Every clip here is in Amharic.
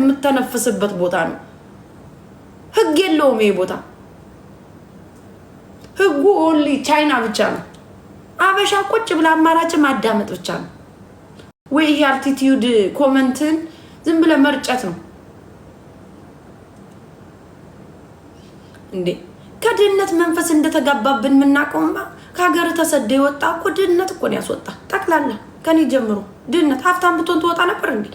የምተነፍስበት ቦታ ነው። ህግ የለውም ይሄ ቦታ። ህጉ ኦንሊ ቻይና ብቻ ነው። አበሻ ቁጭ ብላ አማራጭ ማዳመጥ ብቻ ነው። ወይ ይሄ አርቲቲዩድ ኮመንትን ዝም ብለ መርጨት ነው እንዴ? ከድህነት መንፈስ እንደተጋባብን የምናቀውማ ከሀገር ተሰደ የወጣ እኮ ድህነት እኮ ነው ያስወጣ። ጠቅላላ ከኔ ጀምሮ ድህነት። ሀብታም ብትሆን ትወጣ ነበር እንዴ?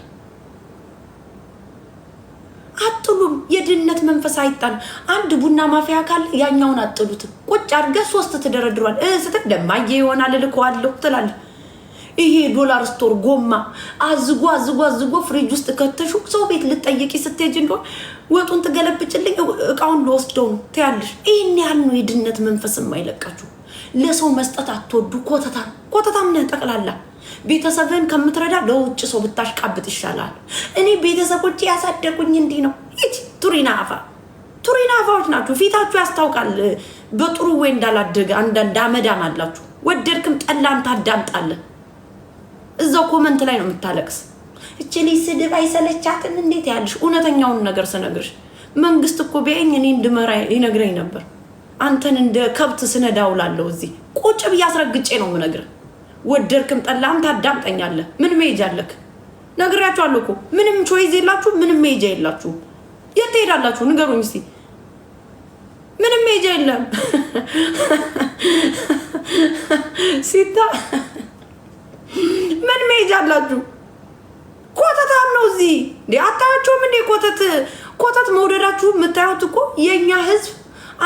አጥሉም። የድህነት መንፈስ አይጣል። አንድ ቡና ማፊያ ካለ ያኛውን አጥሉትም። ቁጭ አድርገህ ሶስት ትደረድሯል። ስትል ደማዬ ይሆናል እልከዋለሁ ትላለህ። ይሄ ዶላር ስቶር ጎማ አዝጎ አዝጎ አዝጎ ፍሪጅ ውስጥ ከተሹ ሰው ቤት ልጠየቂ ስትሄጅ እንደሆን ወጡን ትገለብጭልኝ እቃውን ልወስደው ነው ትያለሽ። ይህን ያህል ነው የድህነት መንፈስ የማይለቃችሁ። ለሰው መስጠት አትወዱ። ኮተታ ኮተታም ነህ ጠቅላላ ቤተሰብህን ከምትረዳ ለውጭ ሰው ብታሽቃብጥ ይሻላል። እኔ ቤተሰቦቼ ያሳደጉኝ እንዲህ ነው። ይች ቱሪና አፋ ቱሪና አፋዎች ናችሁ። ፊታችሁ ያስታውቃል በጥሩ ወይ እንዳላደገ። አንዳንድ አመዳም አላችሁ። ወደድክም ጠላም ታዳምጣለህ። እዛው ኮመንት ላይ ነው የምታለቅስ። እች ልጅ ስድብ አይሰለቻትም? እንዴት ያልሽ እውነተኛውን ነገር ስነግርሽ መንግስት እኮ ቢያኝ እኔ እንድመራ ይነግረኝ ነበር። አንተን እንደ ከብት ስነዳውላለሁ እዚህ ቁጭ ብዬ አስረግጬ ነው የምነግርህ። ወደድክም ጠላህም ታዳምጠኛለህ። ምን መሄጃ አለክ? ነግሬያችኋለሁ እኮ ምንም ቾይዝ የላችሁ፣ ምንም መሄጃ የላችሁ። የት ትሄዳላችሁ? ንገሩኝ እስኪ። ምንም መሄጃ የለም። ሲታ ምን መሄጃ አላችሁ? ኮተታም ነው እዚህ እንዴ አታያቸውም እንዴ? ኮተት ኮተት መውደዳችሁ የምታዩት እኮ የእኛ ህዝብ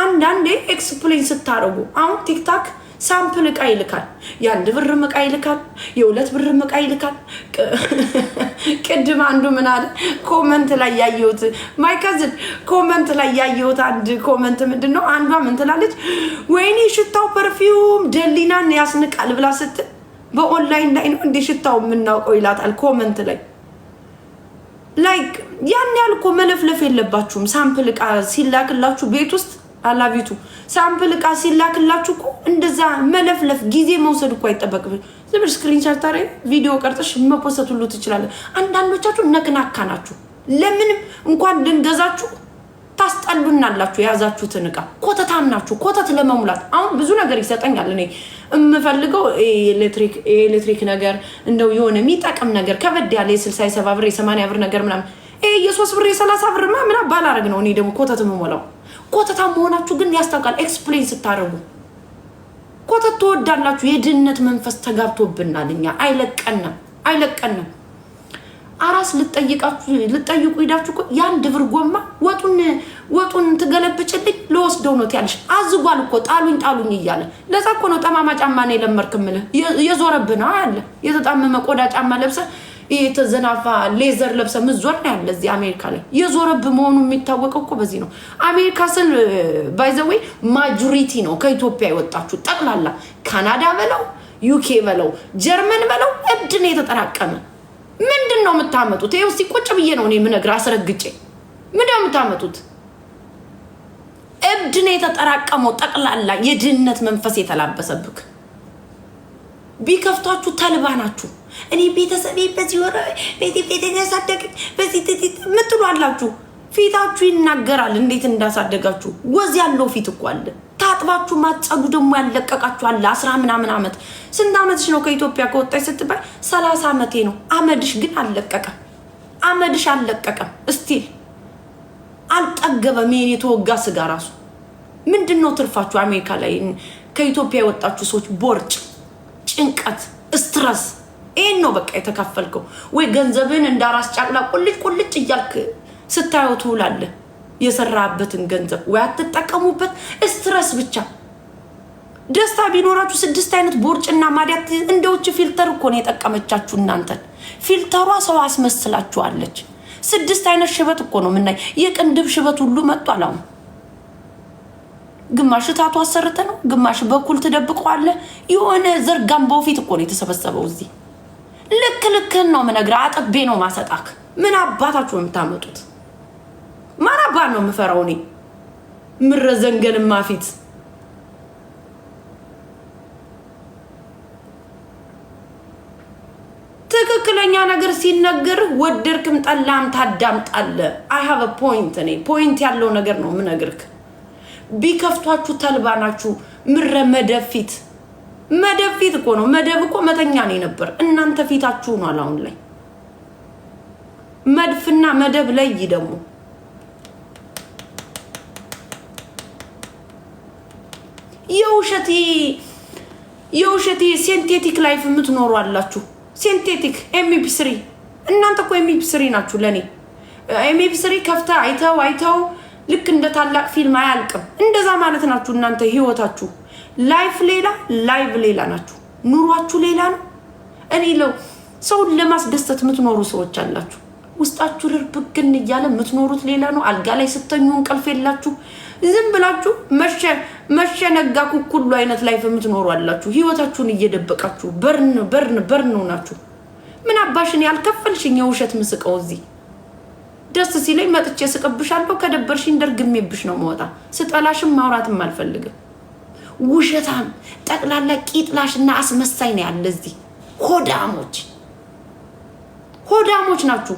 አንዳንዴ ኤክስፕሌን ስታደርጉ አሁን ቲክታክ ሳምፕል እቃ ይልካል። የአንድ ብርም እቃ ይልካል። የሁለት ብርም እቃ ይልካል። ቅድም አንዱ ምን አለ ኮመንት ላይ ያየሁት ማይከዝን ኮመንት ላይ ያየሁት አንድ ኮመንት ምንድን ነው? አንዷ ምን ትላለች? ወይኔ ሽታው ፐርፊውም ደሊናን ያስንቃል ብላ ስትል በኦንላይን ላይ ነው እንዴ ሽታው የምናውቀው ይላታል ኮመንት ላይ ላይክ ያን ያልኮ መለፍለፍ የለባችሁም። ሳምፕል እቃ ሲላክላችሁ ቤት ውስጥ አላቢቱ ሳምፕል እቃ ሲላክላችሁ እኮ እንደዛ መለፍለፍ ጊዜ መውሰድ እኮ አይጠበቅም። ዝም ብለሽ ስክሪን ሻት ቪዲዮ ቀርጠሽ መፖሰት ሁሉ ትችላለን። አንዳንዶቻችሁ ነቅናካ ናችሁ። ለምንም እንኳን ድንገዛችሁ ታስጠሉናላችሁ። የያዛችሁትን እቃ ኮተታም ናችሁ። ኮተት ለመሙላት አሁን ብዙ ነገር ይሰጠኛል። እኔ የምፈልገው የኤሌክትሪክ ነገር እንደው የሆነ የሚጠቅም ነገር ከበድ ያለ የስልሳ የሰባ ብር የሰማንያ ብር ነገር ምናምን የሶስት ብር የሰላሳ ብር ማ ምናምን ባላረግ ነው እኔ ደግሞ ኮተት የምሞላው ኮተታ መሆናችሁ ግን ያስታውቃል። ኤክስፕሌን ስታደርጉ ኮተት ትወዳላችሁ። የድህነት መንፈስ ተጋብቶብናል። እኛ አይለቀንም፣ አይለቀንም። አራስ ልጠይቃችሁ ልጠይቁ ሂዳችሁ እኮ የአንድ ብር ጎማ ወጡን ወጡን ትገለብጭልኝ ለወስደው ነው ትያለሽ። አዝጓል እኮ ጣሉኝ ጣሉኝ እያለ ለዛ እኮ ነው ጠማማ ጫማ ነው የለመርክ እምልህ የዞረብህ ነው የተጣመመ ቆዳ ጫማ ለብሰህ የተዘናፋ ሌዘር ለብሰ ምዞር ነው ያለ እዚህ አሜሪካ ላይ የዞረብ መሆኑ የሚታወቀው እኮ በዚህ ነው። አሜሪካ ስል ባይዘዌ ማጆሪቲ ነው ከኢትዮጵያ የወጣችሁ ጠቅላላ ካናዳ በለው ዩኬ በለው ጀርመን በለው እብድ ነው የተጠራቀመ። ምንድን ነው የምታመጡት? ይኸው እስኪ ቁጭ ብዬ ነው እኔ ምነግር አስረግጬ። ምንድን ነው የምታመጡት? እብድ ነው የተጠራቀመው ጠቅላላ፣ የድህነት መንፈስ የተላበሰብክ ቢከፍታችሁ ተልባ ናችሁ። እኔ ቤተሰቤ በዚህ ወረ ቤቴ ቤቴ ያሳደግ በዚህ ምትሉ አላችሁ። ፊታችሁ ይናገራል እንዴት እንዳሳደጋችሁ። ወዝ ያለው ፊት እኮ አለ። ታጥባችሁ ማጸዱ ደግሞ ያለቀቃችሁ አለ። አስራ ምናምን ዓመት ስንት ዓመትሽ ነው ከኢትዮጵያ ከወጣች ስትባይ? ሰላሳ ዓመቴ ነው። አመድሽ ግን አልለቀቀም። አመድሽ አልለቀቀም። እስቲል አልጠገበም። የኔ የተወጋ ስጋ ራሱ ምንድን ነው ትርፋችሁ? አሜሪካ ላይ ከኢትዮጵያ የወጣችሁ ሰዎች ቦርጭ፣ ጭንቀት፣ ስትረስ ይሄን ነው በቃ የተካፈልከው። ወይ ገንዘብን እንዳራስ ጫቅላ ቁልጭ ቁልጭ እያልክ ስታየው ትውላለህ። የሰራበትን ገንዘብ ወይ አትጠቀሙበት፣ ስትረስ ብቻ። ደስታ ቢኖራችሁ ስድስት አይነት ቦርጭና ማዲያት እንደውች ፊልተር እኮ ነው የጠቀመቻችሁ እናንተን። ፊልተሯ ሰው አስመስላችኋለች። ስድስት አይነት ሽበት እኮ ነው የምናይ። የቅንድብ ሽበት ሁሉ መጥቷል አሁን። ግማሽ ታቱ አሰርተ ነው፣ ግማሽ በኩል ትደብቀዋለህ። የሆነ ዘርጋም በፊት እኮ ነው የተሰበሰበው እዚህ ልክ ልክህን ነው የምነግርህ። አጥቤ ነው ማሰጣክ። ምን አባታችሁ ነው የምታመጡት? ማን አባት ነው የምፈራው እኔ ምረዘንገንማ ፊት ትክክለኛ ነገር ሲነገር ወደድክም ጠላም ታዳምጣለህ። አይ ሀቭ ፖይንት እኔ ፖይንት ያለው ነገር ነው የምነግርህ። ቢከፍቷችሁ ተልባ ናችሁ ምረ መደብ ፊት መደብ ፊት እኮ ነው። መደብ እኮ መተኛ ነው የነበር። እናንተ ፊታችሁ ሆኗል አሁን ላይ። መድፍና መደብ ለይ ደግሞ የውሸት የውሸት ሴንቴቲክ ላይፍ የምትኖሩ አላችሁ። ሴንቴቲክ ኤምፒ ስሪ እናንተ እኮ ኤምፒ ስሪ ናችሁ ለእኔ። ኤምፒ ስሪ ከፍተህ አይተው አይተው ልክ እንደ ታላቅ ፊልም አያልቅም። እንደዛ ማለት ናችሁ እናንተ ህይወታችሁ ላይፍ ሌላ ላይቭ ሌላ ናችሁ። ኑሯችሁ ሌላ ነው። እኔ ለው ሰውን ለማስደሰት የምትኖሩ ሰዎች አላችሁ። ውስጣችሁ ርብግን እያለ የምትኖሩት ሌላ ነው። አልጋ ላይ ስተኙ እንቅልፍ የላችሁ። ዝም ብላችሁ መሸነጋ ኩኩሉ አይነት ላይፍ የምትኖሩ አላችሁ። ህይወታችሁን እየደበቃችሁ በርን በርን በርን ናችሁ። ምን አባሽን ያልከፈልሽኝ የውሸት ምስቀው እዚህ ደስ ሲለኝ መጥቼ ስቅብሻለሁ። ከደበርሽኝ ደርግሜብሽ ነው መወጣ። ስጠላሽም ማውራትም አልፈልግም። ውሸታም ጠቅላላ ቂጥላሽና አስመሳይ ነው ያለ እዚህ። ሆዳሞች ሆዳሞች ናችሁ።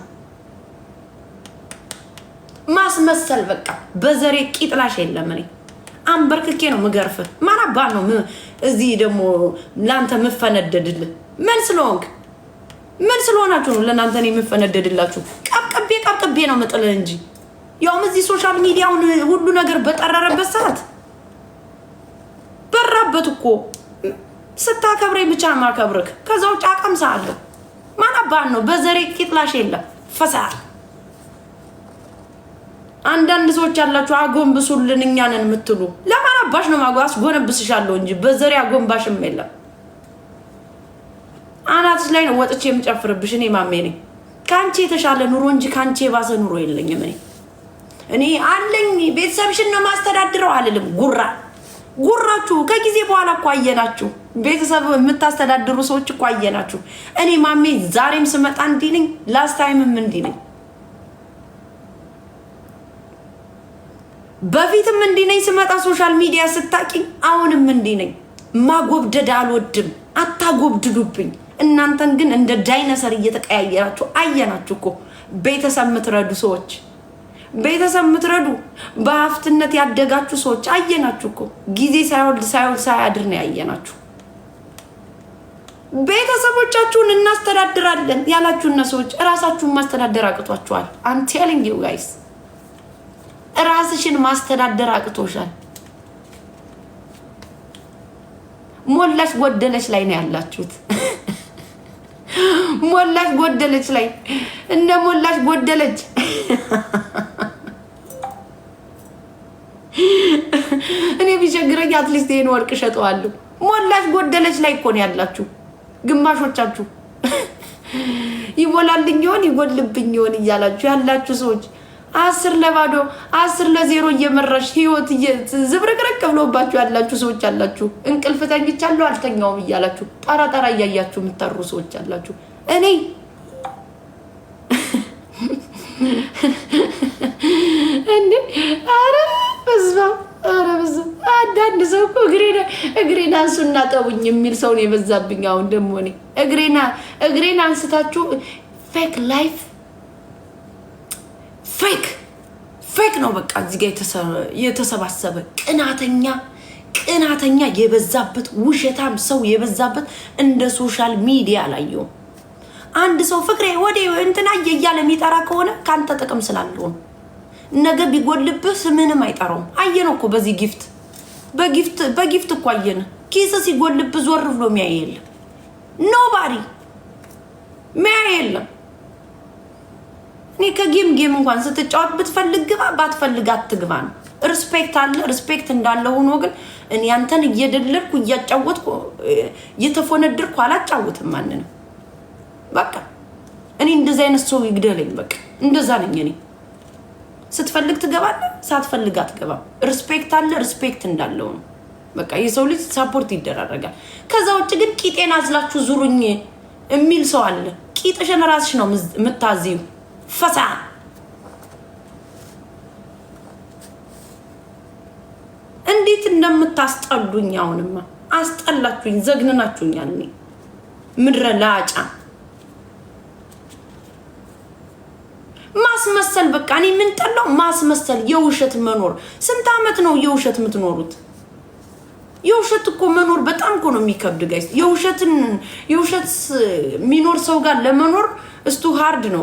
ማስመሰል በቃ በዘሬ ቂጥላሽ የለም። እኔ አንበርክኬ ነው ምገርፍ። ማን አባት ነው እዚህ ደግሞ ለአንተ ምፈነደድል? ምን ስለሆንክ ምን ስለሆናችሁ ነው ለእናንተ እኔ የምፈነደድላችሁ? ቀብቅቤ ቀብቅቤ ነው መጥልህ እንጂ ያውም እዚህ ሶሻል ሚዲያውን ሁሉ ነገር በጠረረበት ሰዓት ማናበት እኮ ስታከብረኝ ብቻ ማከብርክ። ከዛ ውጭ አቀምሳለሁ። ማናባን ነው በዘሬ ቂጥላሽ የለም ፈሳ አንዳንድ ሰዎች ያላችሁ አጎንብሱልን እኛንን የምትሉ ለማናባሽ ነው ማጎ አስጎነብስሻለሁ እንጂ በዘሬ አጎንባሽም የለም። አናትሽ ላይ ነው ወጥቼ የምጨፍርብሽ። እኔ ማሜ ነኝ ከአንቺ የተሻለ ኑሮ እንጂ ከአንቺ የባሰ ኑሮ የለኝም። እኔ እኔ አለኝ ቤተሰብሽን ነው ማስተዳድረው አልልም ጉራ ጉራችሁ ከጊዜ በኋላ እኮ አየናችሁ። ቤተሰብ የምታስተዳድሩ ሰዎች እኮ አየናችሁ። እኔ ማሜ ዛሬም ስመጣ እንዲህ ነኝ፣ ላስት ታይምም እንዲህ ነኝ፣ በፊትም እንዲህ ነኝ። ስመጣ ሶሻል ሚዲያ ስታቂኝ፣ አሁንም እንዲህ ነኝ። ማጎብደድ አልወድም። አታጎብድዱብኝ። እናንተን ግን እንደ ዳይነሰር እየተቀያየራችሁ አየናችሁ እኮ ቤተሰብ የምትረዱ ሰዎች ቤተሰብ የምትረዱ በሀፍትነት ያደጋችሁ ሰዎች አየናችሁ እኮ ጊዜ ሳይወልድ ሳይወልድ ሳያድር ነው ያየናችሁ። ቤተሰቦቻችሁን እናስተዳድራለን ያላችሁና ሰዎች እራሳችሁን ማስተዳደር አቅቷችኋል። አም ቴሊንግ ዩ ጋይስ እራስሽን ማስተዳደር አቅቶሻል። ሞላሽ ጎደለች ላይ ነው ያላችሁት። ሞላሽ ጎደለች ላይ እንደ ሞላሽ ጎደለች ሲቸግረኝ አትሊስት ይሄን ወርቅ እሸጠዋለሁ። ሞላች ጎደለች ላይ እኮ ነው ያላችሁ ግማሾቻችሁ። ይሞላልኝ ይሆን ይጎልብኝ ይሆን እያላችሁ ያላችሁ ሰዎች አስር ለባዶ አስር ለዜሮ እየመራሽ ህይወት ዝብርቅርቅ ብሎባችሁ ያላችሁ ሰዎች አላችሁ። እንቅልፍ ተኝቻለሁ አልተኛውም እያላችሁ ጣራ ጣራ እያያችሁ የምታሩ ሰዎች አላችሁ። እኔ እንዴ ኧረ በዝባው ኧረ በዛ አንዳንድ ሰው እኮ እግሬን አንሱና ጠቡኝ የሚል ሰው ነው የበዛብኝ። አሁን ደግሞ እኔ እግሬን አንስታችሁ ፌክ ላይፍ ፌክ ፌክ ነው በቃ። እዚህ ጋ የተሰባሰበ ቅናተኛ ቅናተኛ የበዛበት ውሸታም ሰው የበዛበት እንደ ሶሻል ሚዲያ አላየሁም። አንድ ሰው ፍቅሬ ወደ እንትናዬ እያለ የሚጠራ ከሆነ ከአንተ ጥቅም ስላለው ነው። ነገ ቢጎልብህ ስምንም አይጠራውም። አየነው እኮ በዚህ ጊፍት በጊፍት በጊፍት እኮ አየነ። ኪስ ሲጎልብህ ዞር ብሎ ሚያይ የለም። ኖባሪ ሚያይ የለም። እኔ ከጌም ጌም እንኳን ስትጫወት ብትፈልግ ግባ፣ ባትፈልግ አትግባ ነው። ሪስፔክት አለ። ሪስፔክት እንዳለ ሆኖ ግን እኔ አንተን እየደለልኩ እያጫወትኩ እየተፎነድርኩ አላጫወትም ማንንም። በቃ እኔ እንደዚህ አይነት ሰው ይግደለኝ። በቃ እንደዛ ነኝ እኔ። ስትፈልግ ትገባለ፣ ሳትፈልግ አትገባም። ሪስፔክት አለ፣ ሪስፔክት እንዳለው ነው። በቃ የሰው ልጅ ሳፖርት ይደራረጋል። ከዛ ውጭ ግን ቂጤን አዝላችሁ ዙሩኝ የሚል ሰው አለ። ቂጥሽን ራስሽ ነው የምታዚው። ፈሳ እንዴት እንደምታስጠሉኝ አሁንማ አስጠላችሁኝ፣ ዘግንናችሁኛል። ምድረ ላጫ ማስመሰል በቃ እኔ የምንጠላው ማስመሰል፣ የውሸት መኖር። ስንት አመት ነው የውሸት የምትኖሩት? የውሸት እኮ መኖር በጣም እኮ ነው የሚከብድ ጋይስ። የውሸትን የውሸት የሚኖር ሰው ጋር ለመኖር እስቱ ሀርድ ነው።